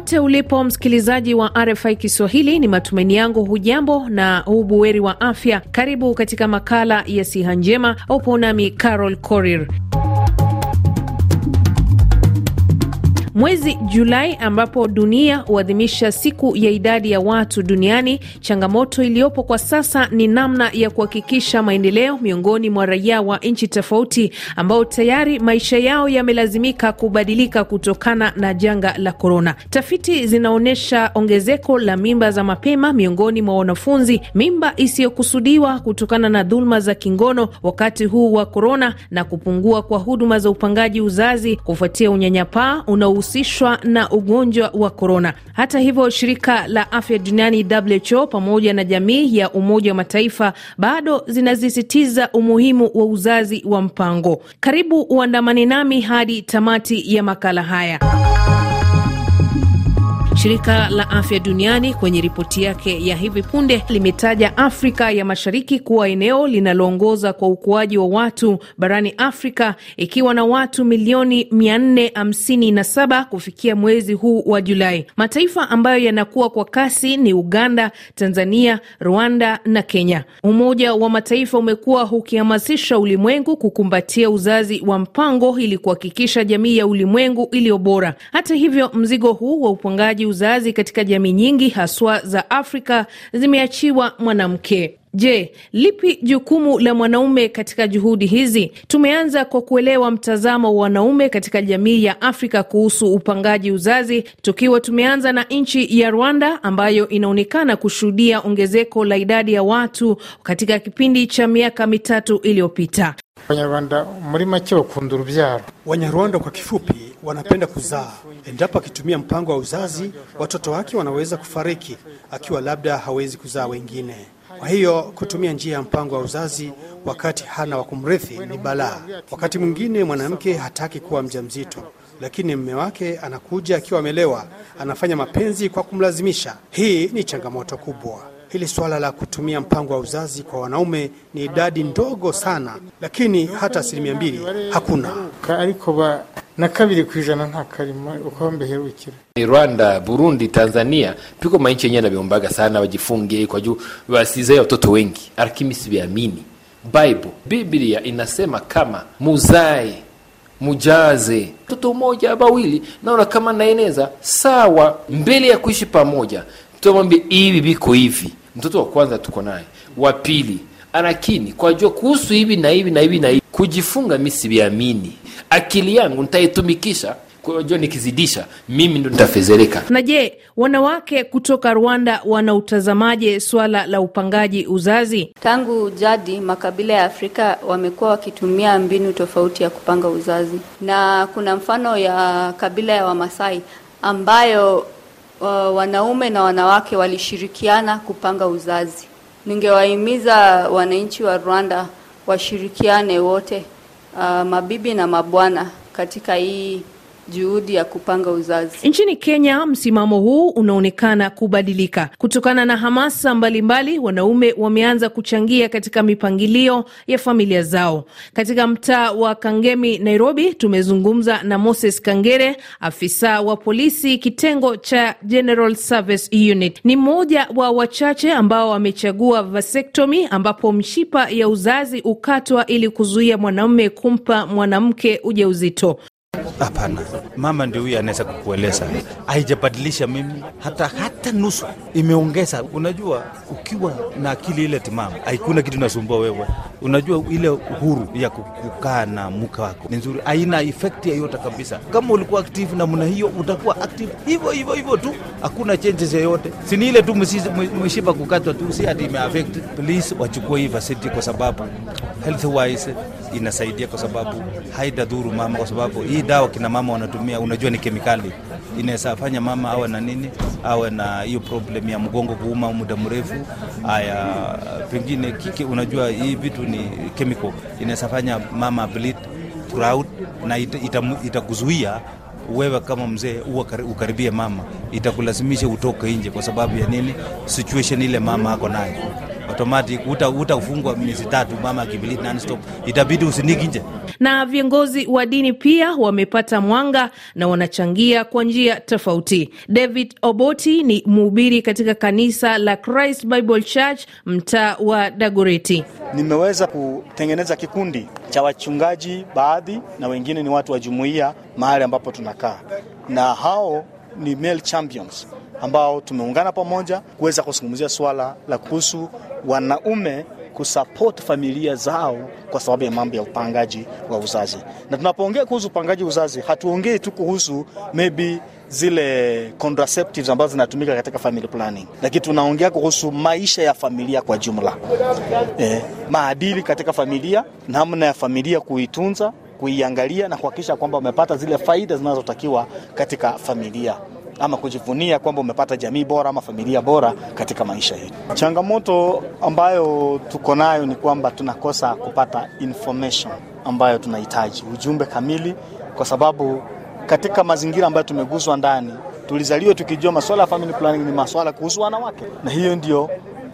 Popote ulipo msikilizaji wa RFI Kiswahili, ni matumaini yangu hujambo na ubuheri wa afya. Karibu katika makala ya siha njema, upo nami Carol Korir. Mwezi Julai ambapo dunia huadhimisha siku ya idadi ya watu duniani, changamoto iliyopo kwa sasa ni namna ya kuhakikisha maendeleo miongoni mwa raia wa nchi tofauti ambao tayari maisha yao yamelazimika kubadilika kutokana na janga la korona. Tafiti zinaonyesha ongezeko la mimba za mapema miongoni mwa wanafunzi, mimba isiyokusudiwa kutokana na dhuluma za kingono wakati huu wa korona, na kupungua kwa huduma za upangaji uzazi kufuatia unyanyapaa una kuhusishwa na ugonjwa wa korona. Hata hivyo, shirika la afya duniani WHO pamoja na jamii ya Umoja wa Mataifa bado zinasisitiza umuhimu wa uzazi wa mpango. Karibu uandamani nami hadi tamati ya makala haya. Shirika la Afya Duniani kwenye ripoti yake ya hivi punde limetaja Afrika ya Mashariki kuwa eneo linaloongoza kwa ukuaji wa watu barani Afrika ikiwa na watu milioni 457 kufikia mwezi huu wa Julai. Mataifa ambayo yanakuwa kwa kasi ni Uganda, Tanzania, Rwanda na Kenya. Umoja wa Mataifa umekuwa ukihamasisha ulimwengu kukumbatia uzazi wa mpango ili kuhakikisha jamii ya ulimwengu iliyo bora. Hata hivyo, mzigo huu wa upangaji utunzaji uzazi katika jamii nyingi haswa za Afrika zimeachiwa mwanamke. Je, lipi jukumu la mwanaume katika juhudi hizi? Tumeanza kwa kuelewa mtazamo wa wanaume katika jamii ya Afrika kuhusu upangaji uzazi, tukiwa tumeanza na nchi ya Rwanda ambayo inaonekana kushuhudia ongezeko la idadi ya watu katika kipindi cha miaka mitatu iliyopita. Wanyarwanda muri make bakunda urubyaro. Wanyarwanda kwa kifupi wanapenda kuzaa. Endapo akitumia mpango wa uzazi, watoto wake wanaweza kufariki akiwa labda hawezi kuzaa wengine. Kwa hiyo kutumia njia ya mpango wa uzazi wakati hana wa kumrithi ni balaa. Wakati mwingine mwanamke hataki kuwa mjamzito, lakini mume wake anakuja akiwa amelewa, anafanya mapenzi kwa kumlazimisha. Hii ni changamoto kubwa. Hili suala la kutumia mpango wa uzazi kwa wanaume ni idadi ndogo sana, lakini hata asilimia mbili hakuna na kabiri ku nta karimo uko Rwanda, Burundi, Tanzania piko mainchi yenyewe naviombaga sana wajifungie kwa juu wasizae watoto wengi alkimisi viamini Bible. Biblia inasema kama muzae mujaze toto moja bawili, naona kama naeneza sawa, mbele ya kuishi pamoja tutamwambia hivi, biko hivi. Mtoto wa kwanza tuko naye, wa pili lakini kwajua kuhusu hivi na hivi na hivi na hivi kujifunga mi siviamini akili yangu nitaitumikisha kwa nikizidisha mimi ndo nitafezeleka. Na je, wanawake kutoka Rwanda wanautazamaje swala la upangaji uzazi? Tangu jadi makabila ya Afrika wamekuwa wakitumia mbinu tofauti ya kupanga uzazi, na kuna mfano ya kabila ya Wamasai ambayo uh, wanaume na wanawake walishirikiana kupanga uzazi Ningewahimiza wananchi wa Rwanda washirikiane wote, uh, mabibi na mabwana katika hii juhudi ya kupanga uzazi. Nchini Kenya, msimamo huu unaonekana kubadilika kutokana na hamasa mbalimbali. Wanaume wameanza kuchangia katika mipangilio ya familia zao. Katika mtaa wa Kangemi, Nairobi, tumezungumza na Moses Kangere, afisa wa polisi kitengo cha General Service Unit. Ni mmoja wa wachache ambao wamechagua vasektomi, ambapo mshipa ya uzazi ukatwa ili kuzuia mwanaume kumpa mwanamke ujauzito. Hapana, mama ndio huyu anaweza kukueleza. Haijabadilisha mimi hata hata nusu, imeongeza. Unajua, ukiwa na akili ile timamu, haikuna kitu nasumbua wewe. Unajua ile uhuru ya kukaa na mke wako ni nzuri, haina efekti yoyote kabisa. Kama ulikuwa na namna hiyo, utakuwa active hivyo hivyo hivyo tu, hakuna changes yoyote. Si ni ile tu mshipa kukatwa tu, si ati imeafekti. Please wachukue hii vasiti, kwa sababu health wise inasaidia kwa sababu haidadhuru mama, kwa sababu hii dawa kina mama wanatumia, unajua ni kemikali, inaweza fanya mama awe na nini, awe na hiyo problem ya mgongo kuuma muda mrefu. Haya, pengine kike, unajua hii vitu ni chemical, inaweza fanya mama bleed throughout, na itakuzuia ita, ita wewe kama mzee uwa ukaribie mama, itakulazimisha utoke nje. Kwa sababu ya nini? Situation ile mama ako nayo automatic hutafungwa miezi tatu, mama akibiliti non-stop, itabidi usiniki nje. Na viongozi wa dini pia wamepata mwanga na wanachangia kwa njia tofauti. David Oboti ni mhubiri katika kanisa la Christ Bible Church mtaa wa Dagoreti. Nimeweza kutengeneza kikundi cha wachungaji baadhi, na wengine ni watu wa jumuiya mahali ambapo tunakaa, na hao ni male champions ambao tumeungana pamoja kuweza kuzungumzia swala la kuhusu wanaume kusupport familia zao kwa sababu ya mambo ya upangaji wa uzazi. Na tunapoongea kuhusu upangaji uzazi, hatuongei tu kuhusu maybe zile contraceptives ambazo zinatumika katika family planning, lakini tunaongea kuhusu maisha ya familia kwa jumla, eh, maadili katika familia, namna ya familia kuitunza, kuiangalia na kuhakikisha kwamba wamepata zile faida zinazotakiwa katika familia ama kujivunia kwamba umepata jamii bora ama familia bora katika maisha yetu. Changamoto ambayo tuko nayo ni kwamba tunakosa kupata information ambayo tunahitaji, ujumbe kamili, kwa sababu katika mazingira ambayo tumeguswa ndani tulizaliwa tukijua masuala ya family planning ni masuala kuhusu wanawake, na hiyo ndio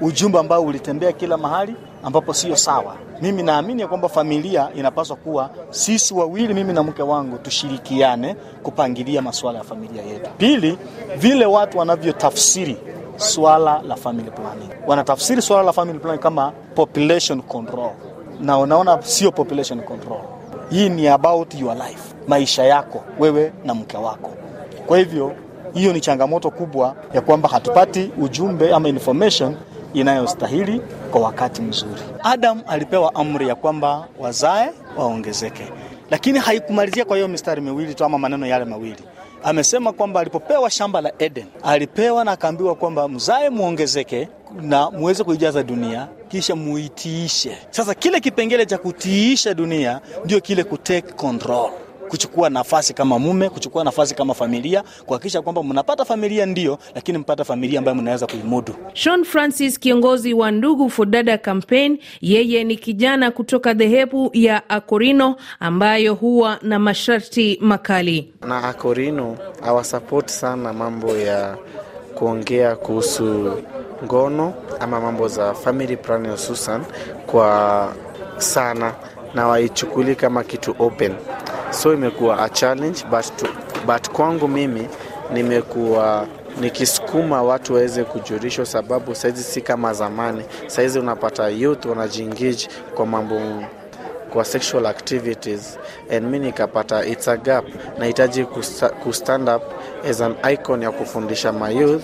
ujumbe ambao ulitembea kila mahali ambapo sio sawa. Mimi naamini ya kwamba familia inapaswa kuwa sisi wawili, mimi na mke wangu, tushirikiane kupangilia masuala ya familia yetu. Pili, vile watu wanavyotafsiri swala la family planning, wanatafsiri swala la family planning kama population control, na unaona sio population control. Hii ni about your life, maisha yako wewe na mke wako. Kwa hivyo hiyo ni changamoto kubwa ya kwamba hatupati ujumbe ama information inayostahili kwa wakati mzuri. Adam alipewa amri ya kwamba wazae waongezeke, lakini haikumalizia kwa hiyo mistari miwili tu ama maneno yale mawili. Amesema kwamba alipopewa shamba la Eden alipewa na akaambiwa kwamba mzae muongezeke na muweze kuijaza dunia kisha muitiishe. Sasa kile kipengele cha kutiisha dunia ndio kile kutake control kuchukua nafasi kama mume, kuchukua nafasi kama familia, kuhakikisha kwamba mnapata familia ndio, lakini mpata familia ambayo mnaweza kuimudu. Sean Francis, kiongozi wa Ndugu Dada Campaign, yeye ni kijana kutoka dhehebu ya Akorino ambayo huwa na masharti makali, na Akorino awasapoti sana mambo ya kuongea kuhusu ngono ama mambo za family planning hususan kwa sana na waichukuli kama kitu open, so imekuwa a challenge but, to, but kwangu mimi nimekuwa nikisukuma watu waweze kujurishwa, sababu saizi si kama zamani. Saizi unapata youth wanajiengage kwa mambo kwa sexual activities and mi nikapata it's a gap, nahitaji kustand up as an icon ya kufundisha mayouth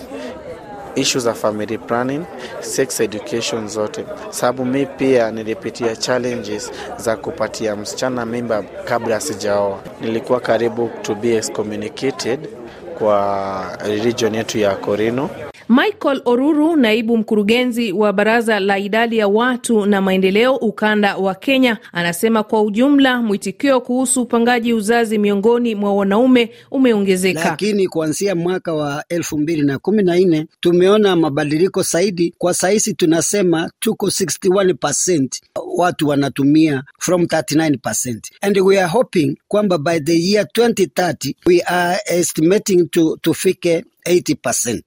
ishu za family planning, sex education zote, sababu mi pia nilipitia challenges za kupatia msichana mimba kabla sijaoa. Nilikuwa karibu to be excommunicated kwa religion yetu ya Korino. Michael Oruru, naibu mkurugenzi wa baraza la idadi ya watu na maendeleo ukanda wa Kenya, anasema kwa ujumla mwitikio kuhusu upangaji uzazi miongoni mwa wanaume umeongezeka, lakini kuanzia mwaka wa elfu mbili na kumi na nne tumeona mabadiliko zaidi. Kwa sahizi tunasema tuko 61% watu wanatumia from 39% and we are hoping kwamba by the year 2030 we are estimating to tufike 80%.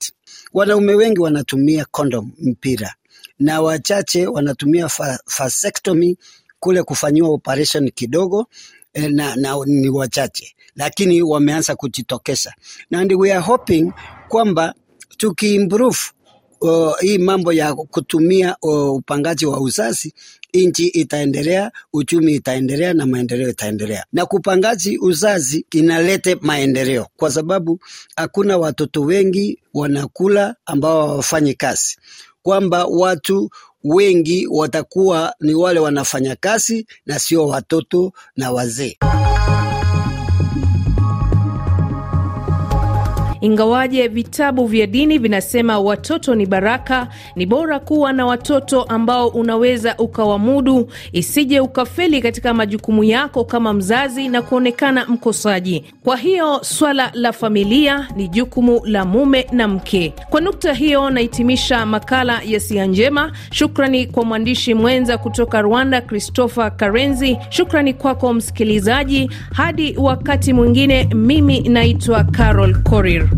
Wanaume wengi wanatumia kondom mpira na wachache wanatumia vasectomy kule kufanyiwa operation kidogo eh, na, na ni wachache lakini wameanza kujitokeza, and we are hoping kwamba tukiimprove o, hii mambo ya kutumia o, upangaji wa uzazi, nchi itaendelea, uchumi itaendelea na maendeleo itaendelea. Na kupangaji uzazi inalete maendeleo, kwa sababu hakuna watoto wengi wanakula ambao hawafanyi kazi, kwamba watu wengi watakuwa ni wale wanafanya kazi na sio watoto na wazee. Ingawaje vitabu vya dini vinasema watoto ni baraka, ni bora kuwa na watoto ambao unaweza ukawamudu, isije ukafeli katika majukumu yako kama mzazi na kuonekana mkosaji. Kwa hiyo swala la familia ni jukumu la mume na mke. Kwa nukta hiyo, nahitimisha makala ya Sia Njema. Shukrani kwa mwandishi mwenza kutoka Rwanda, Christopher Karenzi. Shukrani kwako msikilizaji. Hadi wakati mwingine, mimi naitwa Carol Korir.